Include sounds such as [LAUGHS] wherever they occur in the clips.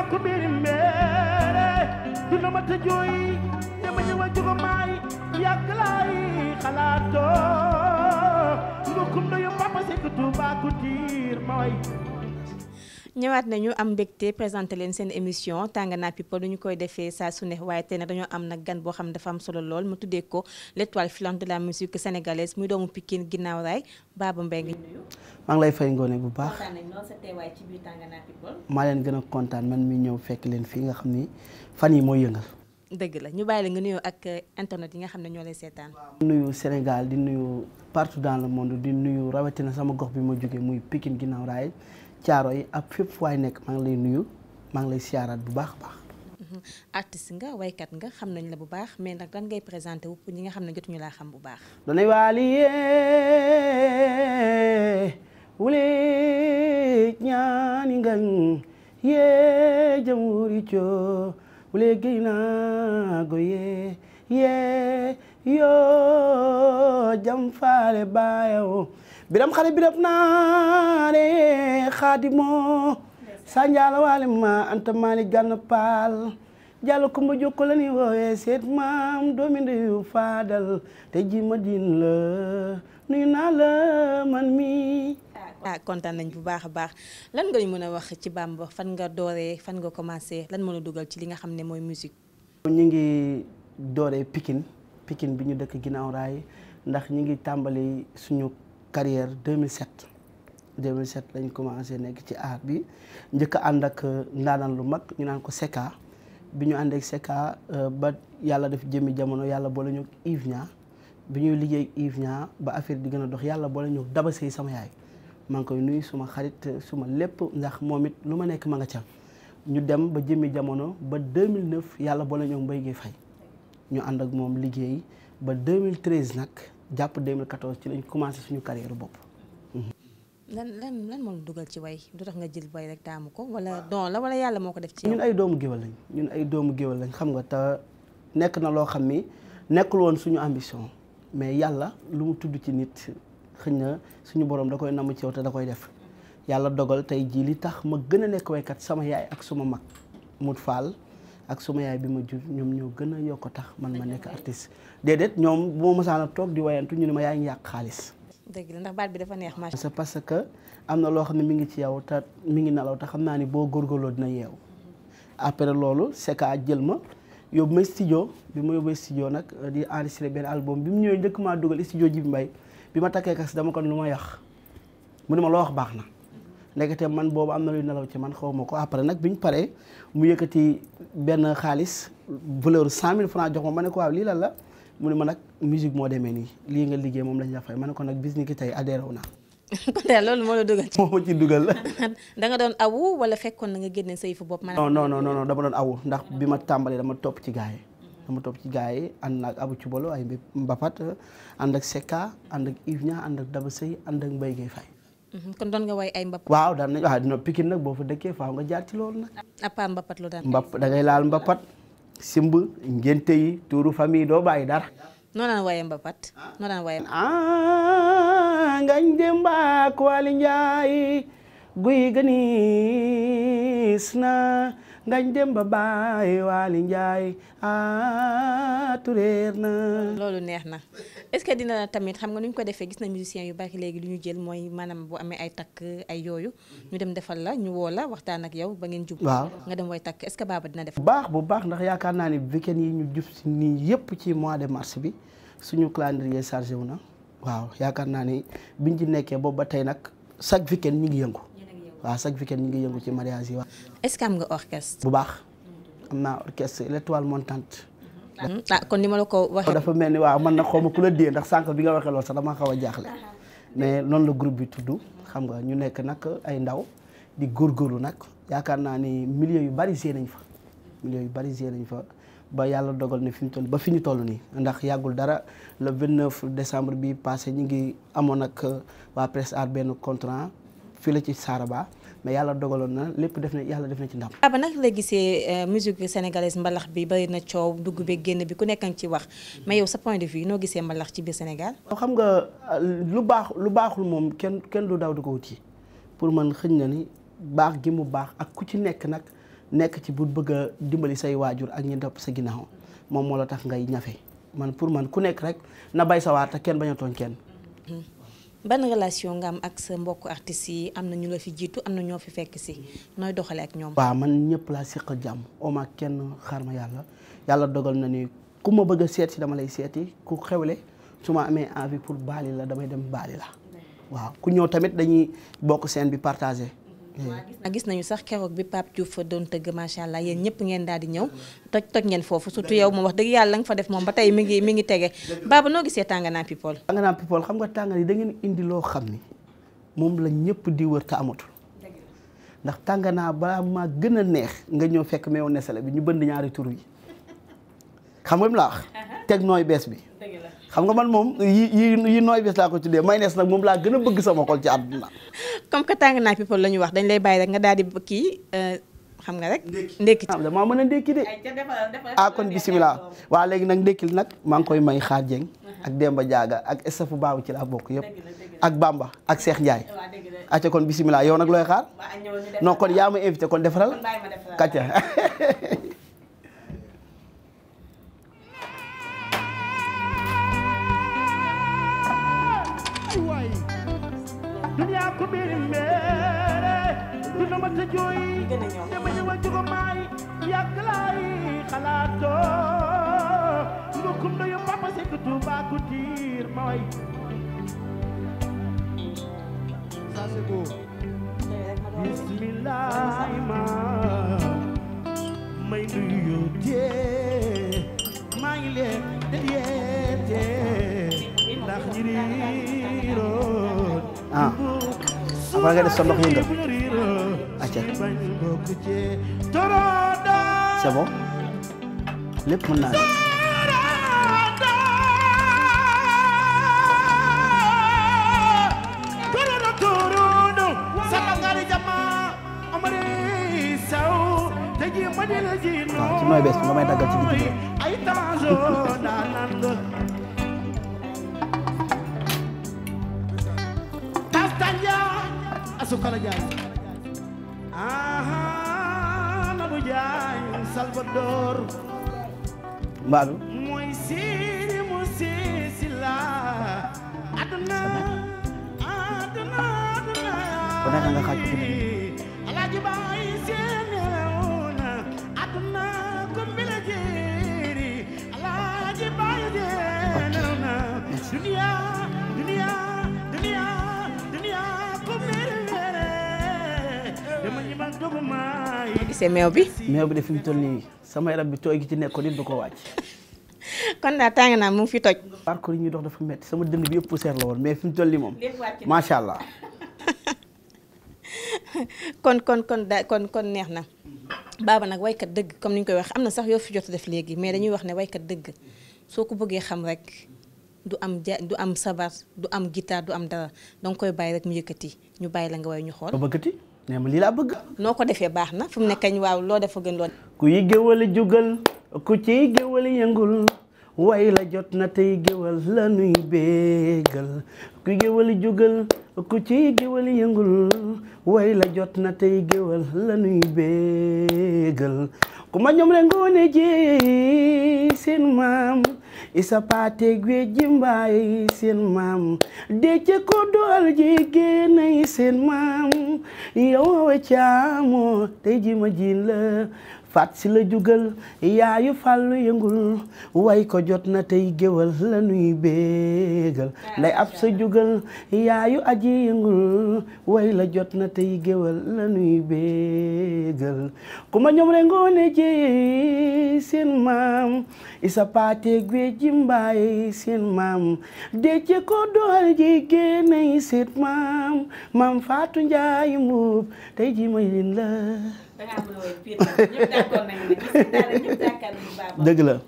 naa ko biir mbéere dina ma tëjooy dama ñëw a jóg maay yàgg laay xalaatoo nga kum na yu papa ku tiir ma way ñëwaat nañu am mbégte présenté leen seen émission Tangana People lu ñu koy defee saa su ne waaye tey ne dañoo am nag gan boo xam ne dafa am solo lool mu tuddee ko l'étoile filante de la musique sénégalaise muy doomu Pikine ginnaaw raay Baba Mbaye nga maa ngi lay fay ngoone bu baax kontaan leen gën a kontaan man mi ñëw fekk leen fii nga xam ni fan yi mooy yëngal. dëgg la ñu bàyyi la nga nuyoo ak eh, internet yi nga xam ne ñoo lay seetaan. nuyu Sénégal di nuyu partout dans le monde di nuyu rawatina sama gox bi ma jógee muy Pikine ginnaaw raay caaro yi ak fépp way nek ma ngi lay nuyu ma ngi lay siarat bu baax a baax. Mhm. artiste nga kat nga xam nañ la bu baax mais nak dan ngay présenter wu ñi nga xam ne ñu la xam bu baax. donay waaliye wule ñaani ngal ye jamuri cho wule geyna goye ye Yo jam faale baayo biram xale biram naane khadimo sa njaal waale ma anta maali gànn paal ko mo jokko la ni woowe seet maam doomi ndeyu faadal te ji ma la nuyu na la man mi ah kontaan nañ bu baax baax lan nga ñu mëna wax ci Bamba fan nga dooree fan nga commencé lan mëna duggal ci li nga xam moy musique ñi ngi Pikine Pikine bi ñu dëkk ginaaw raay ndax ñi ngi tàmbali suñu carrière 2007 2007 lañ commencé nek ci art bi ñëk and ak euh, nanan lu mag ñu nan ko Seka bi ñu ànd ak Seka euh, ba yalla def jëmi jamono yalla bo lañu ivnia Nia bi ñuy liggéey Yves ba affaire di gëna dox yalla bo lañu Daba Sey sama yaay ma ngi koy nuyu suma xarit euh, suma lepp ndax momit luma nek ma nga ca ñu dem ba jëmi jamono ba 2009 yalla bo lañu mbay Guèye fay ñu ànd ak moom liggéey ba 2013 nag jàpp 2014 ci lañ commencé suñu carrière bopp. lan lan lan moo la dugal ci way du tax nga jël bay rek taamu ko wala don la wala yàlla moo ko def ci ñun ay doomu géwal lañ ñun ay doomu géwal lañ xam nga te nekk na loo xam ni nekkul woon suñu ambition mais yàlla lu mu tudd ci nit xëñ na suñu borom da koy namm ci yow da koy def yàlla dogal tey jii li tax ma gën a nekk waykat sama yaay ak suma mag mu faal ak suma yaay bi ma jur ñom ñoo gëna tax man ma nek artiste dedet ñom bu ma sa na tok di wayantu ñu ne ma yaay ngi yak xaaliss deug la ndax baat bi dafa neex ma allah parce que amna na loo mi ngi ci yaw ta mi ngi nalaw ta xamna ni bo gorgolo dina yew après c'est Seka jël ma yob ma studio bi ma yobé studio nak euh, di enregistrer ben album bi mu ñëw ñëk ma dugal studio Jibi mbay bi ma takkee dama ko lu ma mu ne ma lo wax baxna ndekete man boobu am na luy nelaw ci man xaw ma ko après nag bi ñu paree mu yëkkati benn xaalis voleur cent mille francs jox ma ma ne ko waaw lii lan la mu ne ma nag musique moo demee nii lii nga liggéey moom lañ la fay ma ne ko nag bis ni ki tey adhéré wu naa. [LAUGHS] kon daal loolu moo la dugal. [LAUGHS] moo ma ci dugal. [LAUGHS] da nga doon awu wala fekkoon na nga génne sa fu bopp. non non non non dama doon awu ndax bi ma tàmbalee dama topp ci gars yi. dama topp ci gars yi ànd ak Abu Cubalo ay Mbapat ànd ak ànd ak Yves Niang ànd ak Daba Sey ànd ak Mbaye Gueye Faye Mhm, kon doon nga way ay mbapat. waaw daan nañ waaw dina pikin nag boo fa dëkkee faaw nga jaar ci loolu nag. à part mbapat lu daan mbapat da ngay laal mbapat. simb ngénte yi tuuru famille doo bàyyi dara. noo daan waye mbapat noo daan waye. ah ngañ dem ba ak Waly Ndiaye guy gënis na. ngañ dem ba baay waali njaay a ah, tureer na loolu neex na est-ce dina tamit xam nga nu ñu ko defee gis na musiciens yu bari léegi lu ñu jël mooy maanaam bu amee ay takk ay yooyu ñu dem defal la ñu woo la waxtaan ak yow ba ngeen jub waaw nga dem way takk est-ce que baaba dina def bu bu baax ndax yaakaar naa ne weekend yi ñu jub si nii yépp ci mois de mars bi suñu calendrier chargé wu na waaw yaakaar naa ni biñ ci nekkee boobu ba tey nag chaque weekend ñu ngi yëngu waaw chaque weekend ñu ngi yëngu ci mariage yi waaw. est-ce que am nga orchestre. bu baax am naa orchestre l'étoile montante. ah kon ni ma la ko waxee. dafa mel ni waaw mën na xaw ma ku la dee ndax sànq bi nga waxee loolu sax dama xaw a jaaxle ah. mais noonu la groupe bi tuddu xam nga ñu nekk nag ay ndaw di góorlu nag yaakaar naa ni milieu yu bari see nañ fa milieu yu bari see nañ fa. ba yàlla dogal ne fi ñu toll ba fi ñu toll nii ndax yàggul dara le 29 décembre bi passé ñu ngi amoon ak waa presse benn contrat fii la ci Saaraba mais yàlla dogaloon na lépp def na yàlla def na ci ndam. ba nag la gisee euh, musique sénégalaise mbalax bi bari na coow dugg beeg génn bi ku nekk nga ci wax mais yow sa point de vue noo gisee mbalax ci biir Sénégal. xam nga euh, lu baax lu baaxul moom kenn kenn du daw di ko wuti pour man xëñ na ni baax gi mu baax ak ku ci nekk nag nekk ci bu bëgg a dimbali say waajur ak ñi sa ginnaaw moom moo la tax ngay ñafe man pour man ku nekk rek na bay sa waar te kenn bañ a kenn. Hmm. ban relation nga am ak sa mbokk artistes yi am na ñu la fi jiitu am na ñoo fi fekk si nooy doxale ak ñoom. waaw man ñëpp laa seqal jàmm oma kenn xaar ma yàlla yàlla dogal na ni ku ma bëgg seet si dama lay seeti ku xewle su ma amee envie pour baali la damay dem baali la waaw ku ñëw tamit dañuy bokk scène bi partagé. Mm. gis nañu sax keroog bi Pape Diouf doon tëgg macha allah yéen ñëpp ngeen daal di ñëw mm. toj toj ngeen foofu surtout yow moom wax dëgg yàlla nga fa def moom ba tey mi ngi mi ngi tege Baba noo gisee Tangana people. Tangana people xam nga tàngan yi da ngeen indi loo xam ni moom la ñëpp di wër te amatul ndax Tangana baa maa gën a neex nga ñëw fekk meew nesale bi ñu bënd ñaari tur yi xam nga mu la wax [LAUGHS] teg nooy bees bi xam nga man moom yi yi yi nooy bés laa ko tuddee mayonnaise nag moom laa gën a bëgg sama xol ci àdduna. comme que tàng naa people la ñu wax dañ lay bàyyi rek nga daal di kii euh, xam nga rek. ndekki ci ah, damaa mën a ndekki de. ah kon bisimilah. waa léegi nag ndekkil nag maa ngi koy may xaar Dieng. ak Demba Diaga ak estafu baaw ci laa bokk yëpp. ak Bamba ak Cheikh Ndiaye. acca kon bisimilah yow nag looy xaar. non kon yaa ma invité kon defaral. kàcce. [LAUGHS] ku biir mbeere dina ma sa jooy dama ñëwa jógo maay yàgg laay xalaatoo mbokkum ndoyu papa sekk Tuubaa ku tiir ma way ça c'est beau bismillah apalagi ada def sa aja siapa lip menang Cuma ya, bes, mau main tagar nooy bees Ayo nga sukala jaay aha nabu jaay salvador mbaalu mooy siiri mu siisi la aduna aduna aduna ko naka nga xaaj alaaji baay seeneewuna aduna ko mbila jeeri alaaji baay gisee meew bi. meew bi de mu toll nii sama yaram bi tooy gi ci nekkoon nit du ko wàcc. kon daa tàng naa mu ngi fi toj. parcours yi ñuy dox dafa métti sama dënd bi yëpp poussière la woon mais fi mu toll nii moom macha allah. [LAUGHS] kon kon kon da kon kon neex na baaba nag waykat dëgg comme ni ñu koy wax am na sax yow fi jot def léegi mais dañuy wax ne waykat dëgg soo ko bëggee xam rek du am ja du am sabar du am guitare du am dara danga koy bàyyi rek mu yëkkati ñu bàyyi la nga way ñu xool. nee ma lii laa bëgg. noo ko defee baax na fi mu ne kañ waaw loo def gën loo. ku yi géwal jugal ku ciy géwal yëngul way la jot na tey géwal la nuy béegal ku géwal jugal ku ciy géwal yëngul way la jot na tey géwal la nuy béegal ku ma ñoom la ngoone ji seen maam. isa paate gwe jimbaay seen maam dece ko dool jigéenay seen maam yow caamoo te jima jiin la faat si la jugal yaayu fàllu yëngul way ko jot na tey géwal la nuy béegal ah, nday ab sa jugal yaayu aji yëngul way la jot na tey géwal la nuy béegal ku ma ñoom re ngoone jeey seen maam isa paate gwe jimbaay seen maam dece ko dool ji génney seet maam maam faatu njaay mbuub tey ji may lin la dëgg la.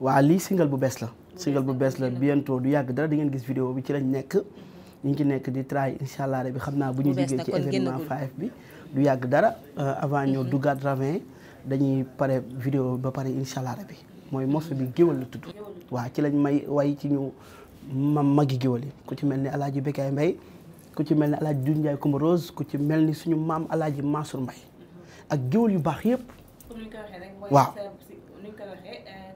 waa lii single bu bees la. single bu bees la bientôt du yàgg dara dangeen gis vidéo bi ci lañ nekk. Mhm. ñu ci nekk di try incha bi xam naa bu ñu liggéey ci événement 5 bi. du yàgg dara euh, avant ñoo mhm. duggaat ravin dañuy pare video ba pare incha bi mooy morceau bi géwal la tudd. waaw ci lañ may way ci ñu ma magi géwal yi ku ci mel ni El Hadj Bekkay Mbaye ku ci mel ni alaaji Doudou Ndiaye Coumba Rose ku ci mel ni suñu maam alaaji Mansour mbay ak géwél yu baax yëpp waaw eh,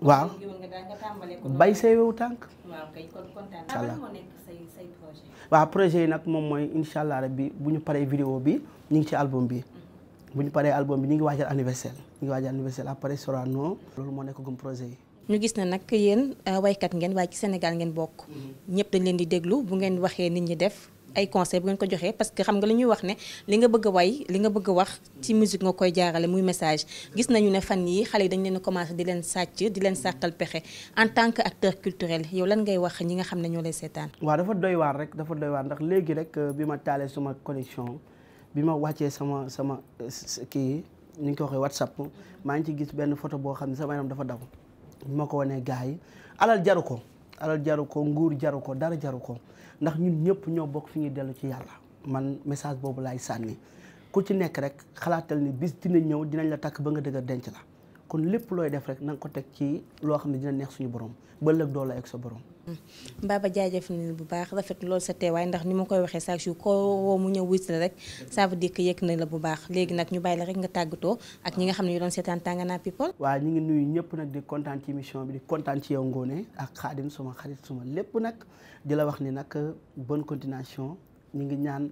waaw bay say wewu tànk. waaw kay kon kontaan. incha allah ah, moo nekk say say projet. yi nag moom mooy incha allah rabbi bu ñu paree vidéo bi ñu ngi ci album bi. Mhm. bu ñu paree album bi ñu ngi waajal anniversaire ñu ngi waajal anniversaire après Sorano. loolu moo nekk gum projet yi. ñu gis nak yeen euh, way kat ngeen way ci Sénégal ngeen bok mm-hmm. ñepp dañ leen di déglu bu ngeen waxee nit ñi def ay conseil bu ngeen ko joxee parce que xam nga li wax ne li nga bëgg way li nga bëgg wax ci mm-hmm. musique nga koy jaarale muy message gis nañu ne fan yi xalé dañ leen commencé di leen sàcc di leen sakal pexé en tant que acteur culturel yow lan ngay wax ñi nga xam ne ñoo lay dafa doy waar rek dafa doy waar ndax légui rek euh, bi ma suma connexion bi ma sama sama euh, ki niko ñu ko waxee whatsapp ma ngi ci gis ben photo bo xamni sama yaram dafa daw moo ko wanee gars yi alal jaru ko alal jaru ko nguur jaru ko dara jaru ko ndax ñun ñëpp ñoo bokk fi ñuy dellu ci yàlla man message boobu laay sànni ku ci nekk rek xalaatal ni bis dina ñëw dinañ la takk ba nga dëgër denc la kon lépp looy def rek nanga nga ko teg ci loo xam ne dina neex suñu borom ba ëllëg doo la ak sa borom. Mm. Mbaba jaajëf nañu bu baax rafet loolu sa teewaay ndax ni ma koy waxee saa yu ko woo mu ñëw wis la rek ça veut dire que yëg la bu baax léegi nag ñu bàyyi la rek nga tàggatoo ak ñi nga xam ne ñu doon seetaan Tangana People. waaw ñu ngi nuyu ñëpp nag di kontaan ci émission bi di kontaan ci yow Ngone ak Xaadim suma xarit suma lépp nag di la wax ni nag bonne continuation. ñu ngi ñaan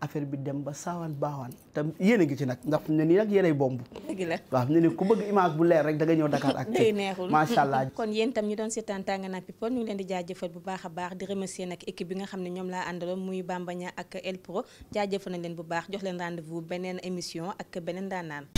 affaire bi dem ba saawaan baawaan te yéen a ngi ci nag ndax ne nii nag yéenay bomb dëgg la waaw ne ni ku bëgg image bu leer rek da ñëw Dakar ak [LAUGHS] day neexul macha allah [LAUGHS] kon yéen tam ñu doon seetaan Tangana People ñu leen di jaajëfal bu baax a baax di remercier nag équipe bi nga xam ne ñoom laa àndaloon muy Bambaña ak El Pro jaajëfal nañ leen bu baax jox leen rendez-vous beneen émission ak beneen daanaan